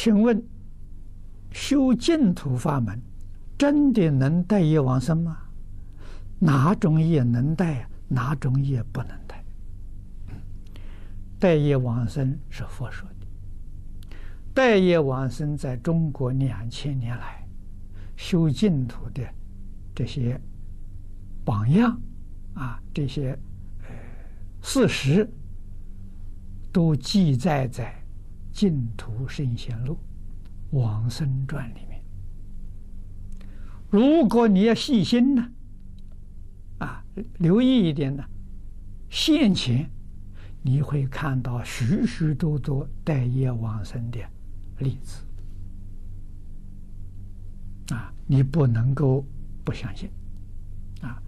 請問，修淨土法門真的能帶業往生嗎？哪種業能帶，哪種業不能帶？嗯，帶業往生是佛說的，帶業往生在中國兩千年來修淨土的這些榜樣啊，這些事實都記載在。淨土聖賢錄、往生傳裡面，如果你要細心呢，啊，留意一點呢，現前你會看到許許多多帶業往生的例子，啊，你不能夠不相信，啊，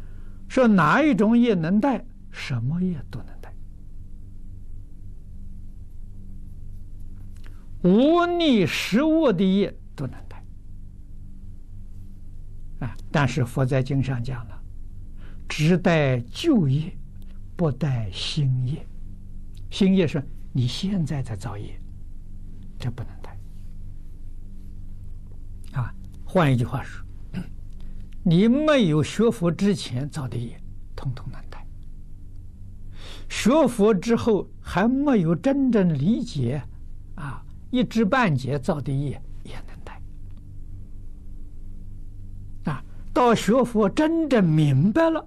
說哪一種業能帶，什麼業都能帶。五逆十惡的業都能帶，啊，但是佛在經上講了，只帶舊業，不帶新業。新業是你現在在造業，這不能帶。啊，換一句話說，你沒有學佛之前造的業，統統能帶。學佛之後還沒有真正理解，啊。一知半解造的業也能帶啊！到學佛真正明白了，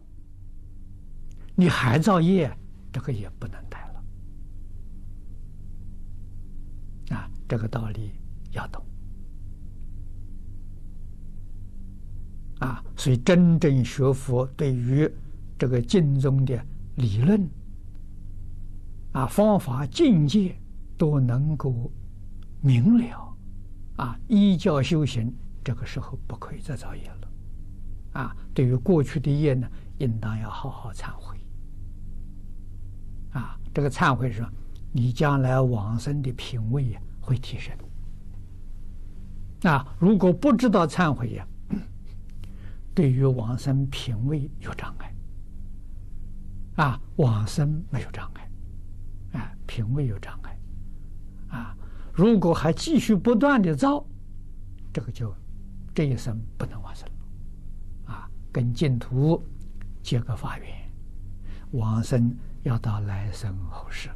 你還造業，這個也不能帶了啊！這個道理要懂啊！所以真正學佛，對於這個經中的理論啊、方法、境界，都能夠。明了，啊，依教修行，這個時候不可以再造業了，啊，對於過去的業呢，應當要好好懺悔，啊，這個懺悔是說，你將來往生的品位也會提升，啊，如果不知道懺悔呀，對於往生品位有障礙，啊，往生沒有障礙，啊，品位有障礙。如果還繼續不斷的造，這個就這一生不能往生了，啊，跟淨土結個法緣，往生要到來生後世了。